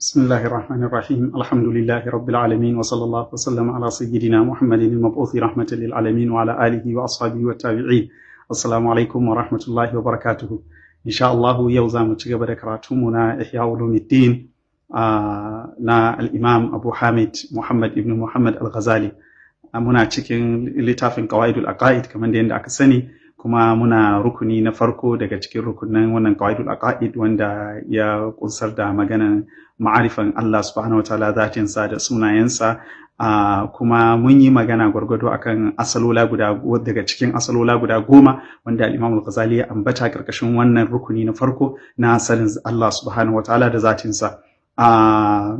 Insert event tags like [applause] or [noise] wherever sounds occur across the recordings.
بسم الله الرحمن الرحيم الحمد لله رب العالمين وصلى الله وسلم على سيدنا محمد المبعوث رحمة للعالمين وعلى آله وأصحابه والتابعين السلام عليكم ورحمة الله وبركاته إن شاء الله يوزا متجب ذكراتمنا إحياء علوم الدين آه نا الإمام أبو حامد محمد ابن محمد الغزالي muna cikin littafin qawaidul aqaid kamar da yadda aka sani kuma muna rukuni na farko daga cikin rukunin wannan qawaidul aqaid wanda ya kunsar da maganan ma'arifan Allah subhanahu wataala zatinsa da sunayensa Uh, kuma mun yi magana gwargwado akan asalola guda daga cikin asalola guda goma wanda al-Imam al-Ghazali ya ambata karkashin wannan rukuni na farko na asalin Allah subhanahu wataala da zatinsa uh,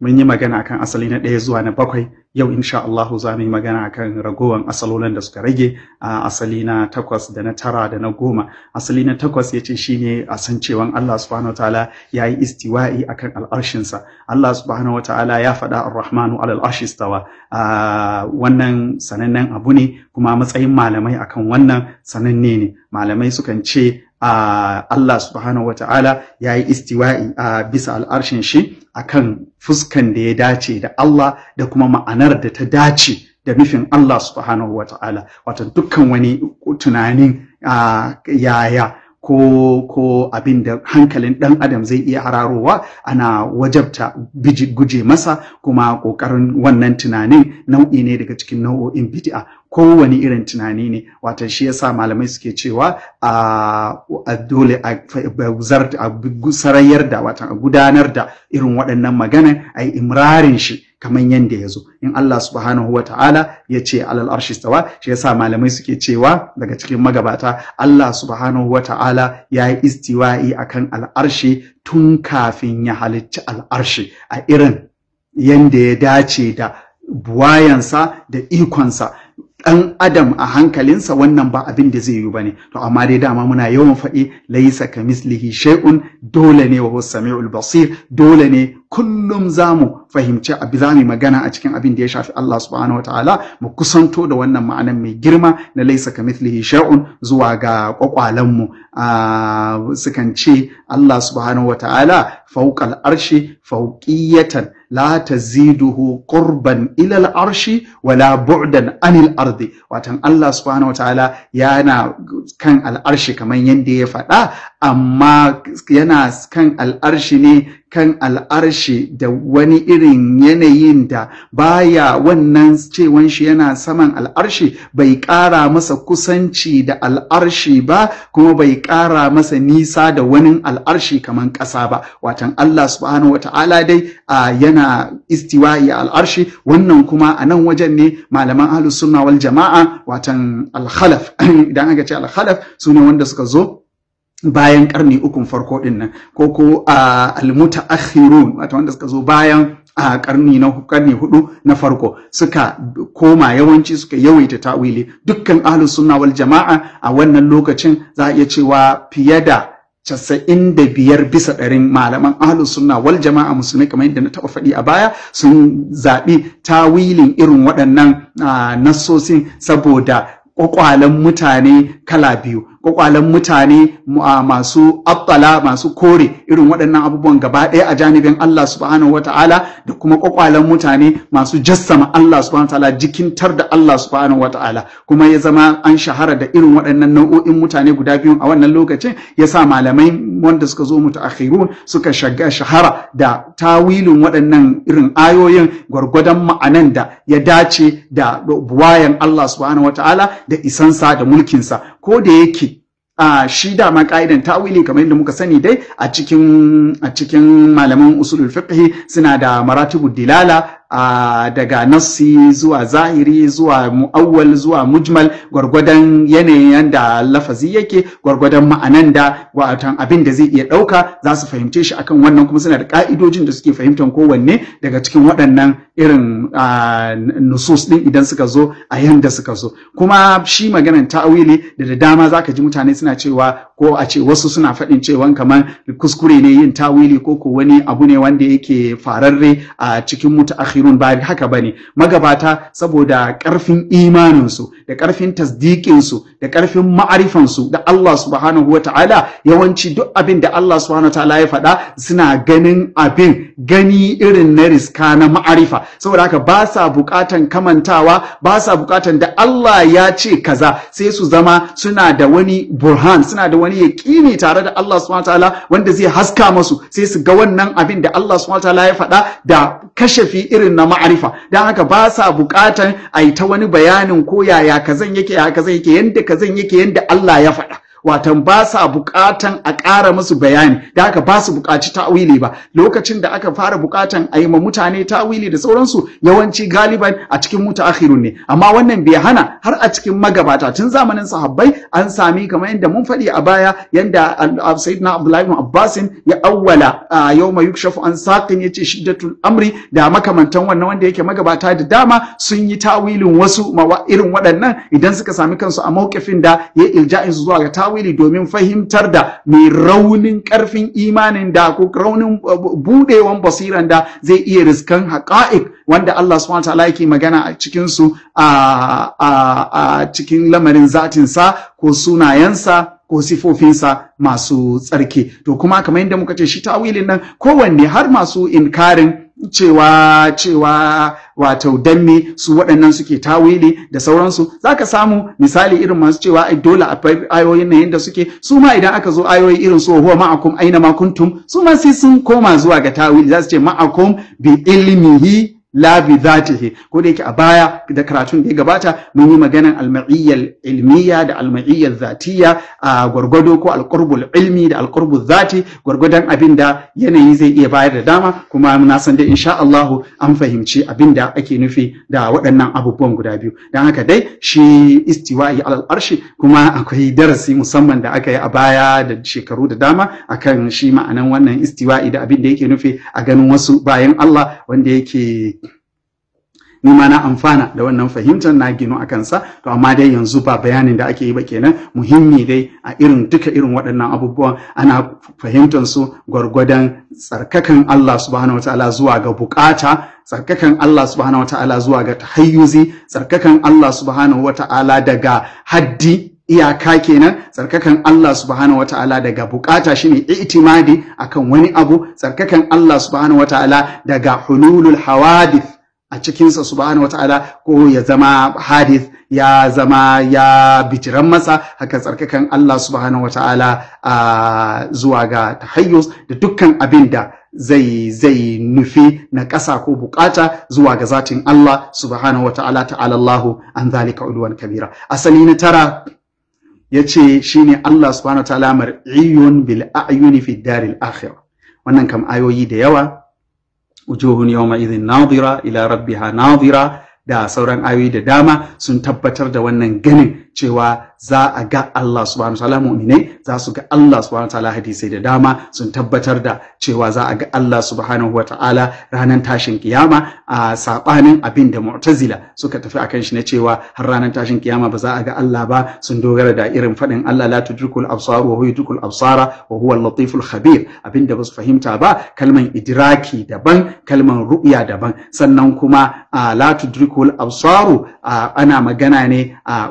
mun yi magana akan asali na ɗaya zuwa na bakwai yau insha Allah za mu yi magana akan ragowan asalolin da suka rage a asali na takwas da na tara da na goma asali na takwas ya ce shine a san cewan Allah subhanahu ta'ala ya yi istiwa'i akan al'arshinsa Allah subhanahu ta'ala ya faɗa ar-rahmanu alal arshistawa wannan sanannen abu ne kuma matsayin malamai akan wannan sananne ne malamai sukan ce Allah subhanahu wa ta'ala ya yi istiwa'i a bisa al'arshin shi a kan fuskan da ya dace da Allah da kuma ma'anar da ta dace da nufin Allah subhanahu wa ta'ala, Watan dukkan wani tunanin yaya ko ko abin da hankalin ɗan adam zai iya hararowa ana wajabta guje masa kuma ƙoƙarin wannan tunanin nau'i ne daga cikin nau'o'in bid'a kowane irin tunani ne wato shi yasa malamai suke cewa a dole a sarayyar da wata a gudanar da irin waɗannan magana a yi imrarin shi kamar yadda ya zo in Allah subhanahu wa ta'ala ya ce alal arshi stawa shi yasa malamai suke cewa daga cikin magabata Allah subhanahu wa ta'ala ya yi istiwa'i akan al'arshi tun kafin ya halicci al'arshi a irin Yadda ya dace da buwayansa da ikonsa ɗan adam a hankalinsa wannan ba abin da zai yi ba ne to amma dai dama muna yawan faɗi laisa ka mislihi shay'un dole ne wa samiul basir dole ne kullum za mu fahimci abu za mu magana a cikin abin da ya shafi Allah subhanahu wataala mu kusanto da wannan ma'anan mai girma na laisa mithlihi shay'un zuwa ga kwakwalen mu sukan ce Allah subhanahu wataala fawqal arshi fawqiyatan la taziduhu qurban ila al-arshi wala bu'dan anil ardi watan Allah subhanahu wataala yana kan al'arshi kaman yadda ya faɗa amma yana kan al'arshi ne kan al'arshi da wani irin yanayin da baya wannan cewan shi yana saman al'arshi bai ƙara masa kusanci da al'arshi ba kuma bai ƙara masa nisa da wani al'arshi kamar ƙasa ba watan Allah subhanahu wa ta'ala dai a yana istiwa'i al'arshi wannan kuma a nan wajen ne malaman ahlus sunna wal jama'a watan al-khalaf [coughs] idan aka ce al-khalaf sune wanda suka zo bayan karni ukun farko din nan ko ko almuta mutaakhirun wato wanda suka zo bayan a karni na karni hudu na farko suka koma yawanci suka yawaita ta'wili dukkan ahlus sunna wal jama'a a wannan lokacin za a iya cewa fiye da casa'in da biyar bisa ɗarin malaman ahlus sunna wal jama'a musulmi kamar yadda na taɓa faɗi a baya sun zaɓi tawilin irin waɗannan nassosin saboda ƙwaƙwalen mutane kala biyu kwakwalen mutane masu abdala, masu kore irin waɗannan abubuwan gaba ɗaya a janibin Allah subhanahu ta'ala da kuma kwakwalen mutane masu jassama Allah subhanahu wata'ala jikintar da Allah subhanahu ta'ala kuma ya zama an shahara da irin waɗannan nau'o'in mutane guda biyu a wannan lokacin ya sa malamai wanda suka zo akhirun suka shahara da tawilin waɗannan irin ayoyin gwargwadon ma'anan da ya dace da buwayan Allah subhanahu ta'ala da isansa da mulkinsa ko da yake a shi dama ka'idan tawili kamar yadda muka sani dai a cikin a cikin malaman usulul fiqh suna da maratibud dilala a daga nassi zuwa zahiri zuwa mu'awwal zuwa mujmal gwargwadon yanayin da lafazi yake gwargwadon ma'anan da watan abin da zai iya ɗauka za su fahimce shi akan wannan kuma suna da ka'idojin da suke fahimtar kowanne daga cikin waɗannan irin nusus ɗin idan suka zo a yanda suka zo kuma shi maganan ta'awili da da dama zaka ji mutane suna cewa ko a ce wasu suna faɗin cewa kamar kuskure ne yin tawili ko ko wani abu ne wanda yake fararre a cikin akhirun ba haka bane magabata saboda ƙarfin imaninsu, da ƙarfin tasdikin su da ƙarfin ma'arifan su da Allah subhanahu wataala yawanci duk abin da Allah subhanahu wataala ya faɗa suna ganin abin gani irin na riska na ma'arifa saboda haka ba sa buƙatan kamantawa ba sa buƙatan da Allah ya ce kaza sai su zama suna da wani burhan suna da wani wani yaƙini tare da Allah subhanahu wataala wanda zai haska masu sai su ga wannan abin da Allah subhanahu wataala ya faɗa da kashafi irin na ma'arifa Don haka ba sa buƙatan a yi ta wani bayanin ko yaya kazan yake yaya kazan yake yanda kazan yake yanda Allah ya faɗa watan ba sa bukatan a ƙara musu bayani da haka ba su buƙaci ta'wili ba lokacin da aka fara bukatan a yi ma mutane ta'wili da sauransu yawanci galiban a cikin mutaakhirun ne amma wannan bai hana har a cikin magabata tun zamanin sahabbai an sami kamar yadda mun faɗi a baya yadda sayyidina abdullahi ibn abbas ya awwala yawma yukshafu an saqin yace shiddatul amri da makamantan wannan wanda yake magabata da dama sun yi ta'wilin wasu irin waɗannan idan suka sami kansu a mawqifin da ya ilja'in zuwa ga ta'wili tawili domin fahimtar da mai raunin karfin imanin da ko raunin uh, budewan basiran da zai iya riskan haqa'iq wanda Allah subhanahu taala yake magana a cikin a cikin lamarin zatinsa, ko sunayensa ko sifofinsa masu tsarki to kuma kamar yadda muka ce shi tawilin nan kowanne har masu inkarin cewa cewa wato danne su waɗannan suke tawili da sauransu za ka samu misali irin masu cewa ai dole ayoyin nan yadda suke su ma idan aka zo ayoyi irin su huwa ma'akum aina makuntum su ma sai sun koma zuwa ga tawili za su ce ma'akum bi ilmihi Labi zatihi ko da yake a baya da karatun da ya gabata mun yi maganan alma'iyyal ilmiya da alma'iyyal zatiya a gwargwado ko alqurbul ilmi da alqurbul zati gwargwadon abin da yanayi zai iya bayar da dama kuma na san dai insha Allah an fahimci abinda ake nufi da waɗannan abubuwan guda biyu dan haka dai shi istiwa'i alal arshi kuma akwai darasi musamman da aka yi a baya da shekaru da dama akan shi ma'anan wannan istiwa'i da abinda yake nufi a ganin wasu bayan Allah wanda yake ni ma na amfana da wannan fahimtar na gino a kansa to amma dai yanzu ba bayanin da ake yi ba kenan muhimmi dai a irin duka irin waɗannan abubuwan ana fahimtar su gwargwadon tsarkakan Allah subhanahu wataala zuwa ga bukata tsarkakan Allah subhanahu wataala zuwa ga tahayyuzi tsarkakan Allah subhanahu wataala daga haddi iyaka kenan tsarkakan Allah subhanahu wataala daga bukata shine itimadi akan wani abu tsarkakan Allah subhanahu wataala daga hululul hawadith a cikinsa subhanahu wata'ala ko ya zama hadith ya zama ya bijiran masa haka tsarkakan Allah subhanahu wata'ala zuwa ga tahayyus da dukkan abinda zai zai nufi na ƙasa ko bukata zuwa ga zatin Allah subhanahu wata'ala Allah an zalika uluwan kabira asali na tara ya yace shine Allah subhanahu wata'ala mar'iyun bil a'yuni fi daril akhirah wannan kam ayoyi da yawa wujuhun yawma idhin nadira ila rabbiha nadira da sauran ayoyi da dama sun tabbatar da wannan ganin cewa za a ga Allah subhanahu ta'ala mu'minai za su ga Allah subhanahu ta'ala hadisai da dama sun tabbatar da cewa za a ga Allah subhanahu wataala ranar tashin kiyama a sabanin abin da mu'tazila suka tafi akan shi na cewa har ranar tashin kiyama ba za a ga Allah ba sun dogara da irin faɗin Allah la tudrikul absar wa huwa yudrikul absara wa huwa latiful khabir abin da ba su fahimta ba kalman idiraki daban kalman ru'ya daban sannan kuma la tudrikul absaru ana magana ne a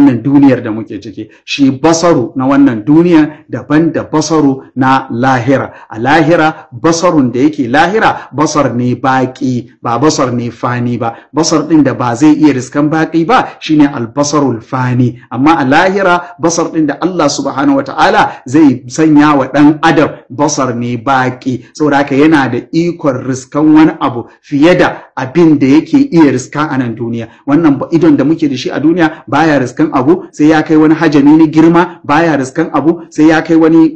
wannan duniyar da muke ciki shi basaru na wannan duniya daban da basaru na lahira a lahira basarun da yake lahira basar ne baki ba basar ne fani ba basar ɗin da ba zai iya riskan baki ba shine albasarul fani amma a lahira basar ɗin da Allah subhanahu wataala zai sanya wa ɗan adam basar ne baki saboda haka yana da ikon riskan wani abu fiye da abin da yake iya riska a nan duniya wannan idon da muke da shi a duniya baya riskan abu sai ya kai wani hajami na girma baya riskan abu sai ya kai wani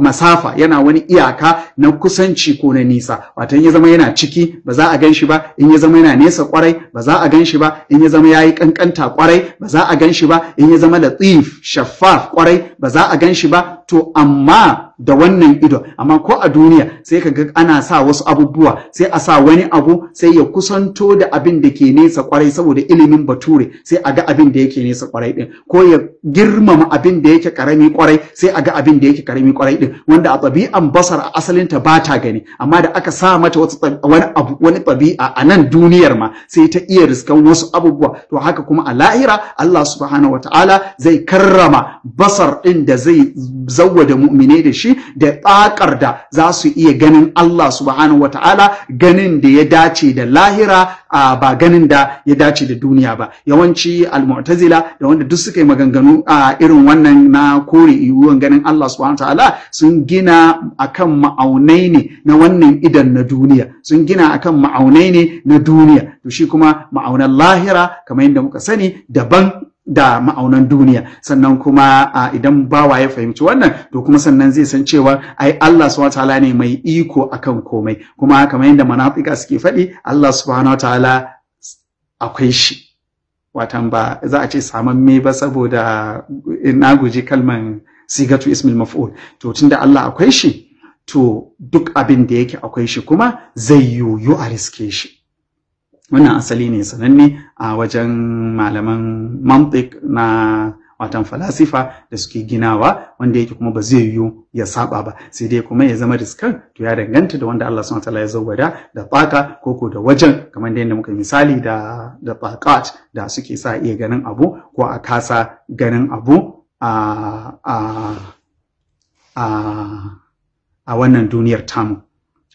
masafa yana wani iyaka na kusanci ko na nisa wato in ya zama yana ciki ba za a gan shi ba in ya zama yana nesa kwarai ba za a gan shi ba in ya zama yayi kankanta kwarai ba za a gan shi ba in ya zama latif shaffaf kwarai ba za a gan shi ba to amma da wannan ido amma ko a duniya sai ka ga ana sa wasu abubuwa sai a sa wani abu sai ya kusanto da abin da ke nesa kwarai saboda ilimin bature sai a ga abin da yake nesa kwarai din ko ya girmama abin da yake karami kwarai sai a ga abin da yake karami kwarai din wanda a tabi'an basar a asalin ta bata gani amma da aka sa mata wani abu a nan duniyar ma sai ta iya riskan wasu abubuwa to haka kuma a lahira Allah subhanahu wataala zai karrama basar din da zai da mu'mine da shi da bakar da za su iya ganin Allah subhanahu wataala ganin da ya dace da lahira ba ganin da ya dace da duniya ba yawanci al-mu'tazila da wanda duk suka yi maganganu a irin wannan na kore yiwuwan ganin Allah subhanahu wataala sun gina akan ma'aunai ne na wannan idan na duniya sun gina akan ma'aunai ne na duniya to shi kuma ma'aunan lahira kamar yadda muka sani daban da ma'aunan duniya sannan kuma a idan bawa ya fahimci wannan to kuma sannan zai san cewa ai Allah subhanahu wataala ne mai iko akan komai kuma kamar yadda manafika suke faɗi Allah subhanahu wataala akwai shi watan ba za a ce me ba saboda na guji kalman sigatu ismil maf'ul to tunda Allah akwai shi to duk abin da yake akwai shi kuma zai yoyo a riske shi wannan asali ne sananne a wajen malaman mantik na watan falasifa da suke ginawa wanda yake kuma ba zai yiwu ya saba ba sai dai kuma ya zama riskan to ya danganta da wanda Allah subhanahu wataala ya zawwada da tsaka ko da wajen kamar da yadda muka misali da da da suke sa iya ganin abu ko a kasa ganin abu a a a a wannan duniyar tamu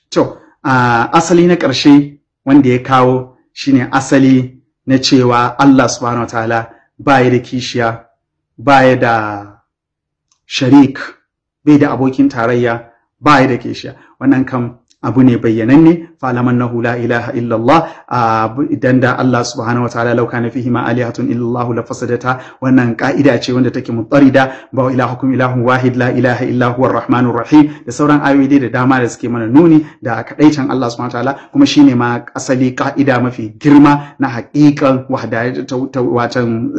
to asali na ƙarshe wanda ya kawo shine asali na cewa Allah subhanahu wataala baya da kishiya baya da sharik bai da abokin tarayya baya da kishiya wannan kam abu ne bayyananne falaman nahu la ilaha illallah idan da Allah subhanahu wataala lauka na fihima alihatun illallah la fasadata wannan ka'ida ce wanda take mutarida ba ilahukum ilahun wahid la ilaha illa huwa arrahmanur rahim da sauran ayoyi da dama da suke mana nuni da kadaicin Allah subhanahu wataala kuma shine ma asali ka'ida mafi girma na haƙiƙan watan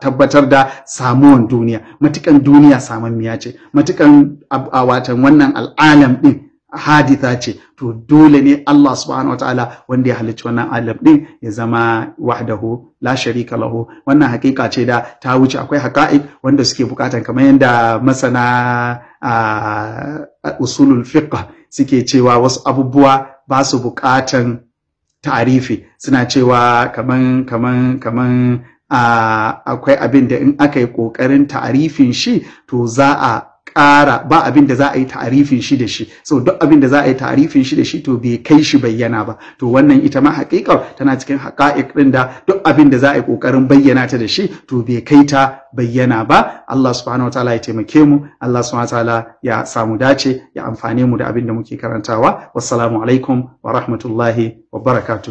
tabbatar da samuwan duniya matukan duniya samammiya ce matukan watan wannan al'alam din haditha ce to dole ne Allah subhanahu wataala wanda ya halicci wannan alam din ya zama wahdahu la sharika lahu wannan hakika ce da ta wuce akwai haqa'iq wanda suke bukatan kamar yadda masana usulul fiqh suke cewa wasu abubuwa ba su bukatan ta'arifi suna cewa kaman kaman kaman akwai abin da in aka yi kokarin ta'arifin shi to za a ƙara ba abin da za a yi ta'arifin shi da shi so duk abin da za a yi ta'arifin shi da shi to bai kai shi bayyana ba to wannan ita ma haƙiƙar tana cikin haƙa'iq ɗin da duk abin da za a yi ƙoƙarin bayyana ta da shi to bai kai ta bayyana ba Allah subhanahu wataala ya taimake mu Allah subhanahu wataala ya samu dace ya amfane mu da abin da muke karantawa wassalamu alaikum wa rahmatullahi wa barakatuh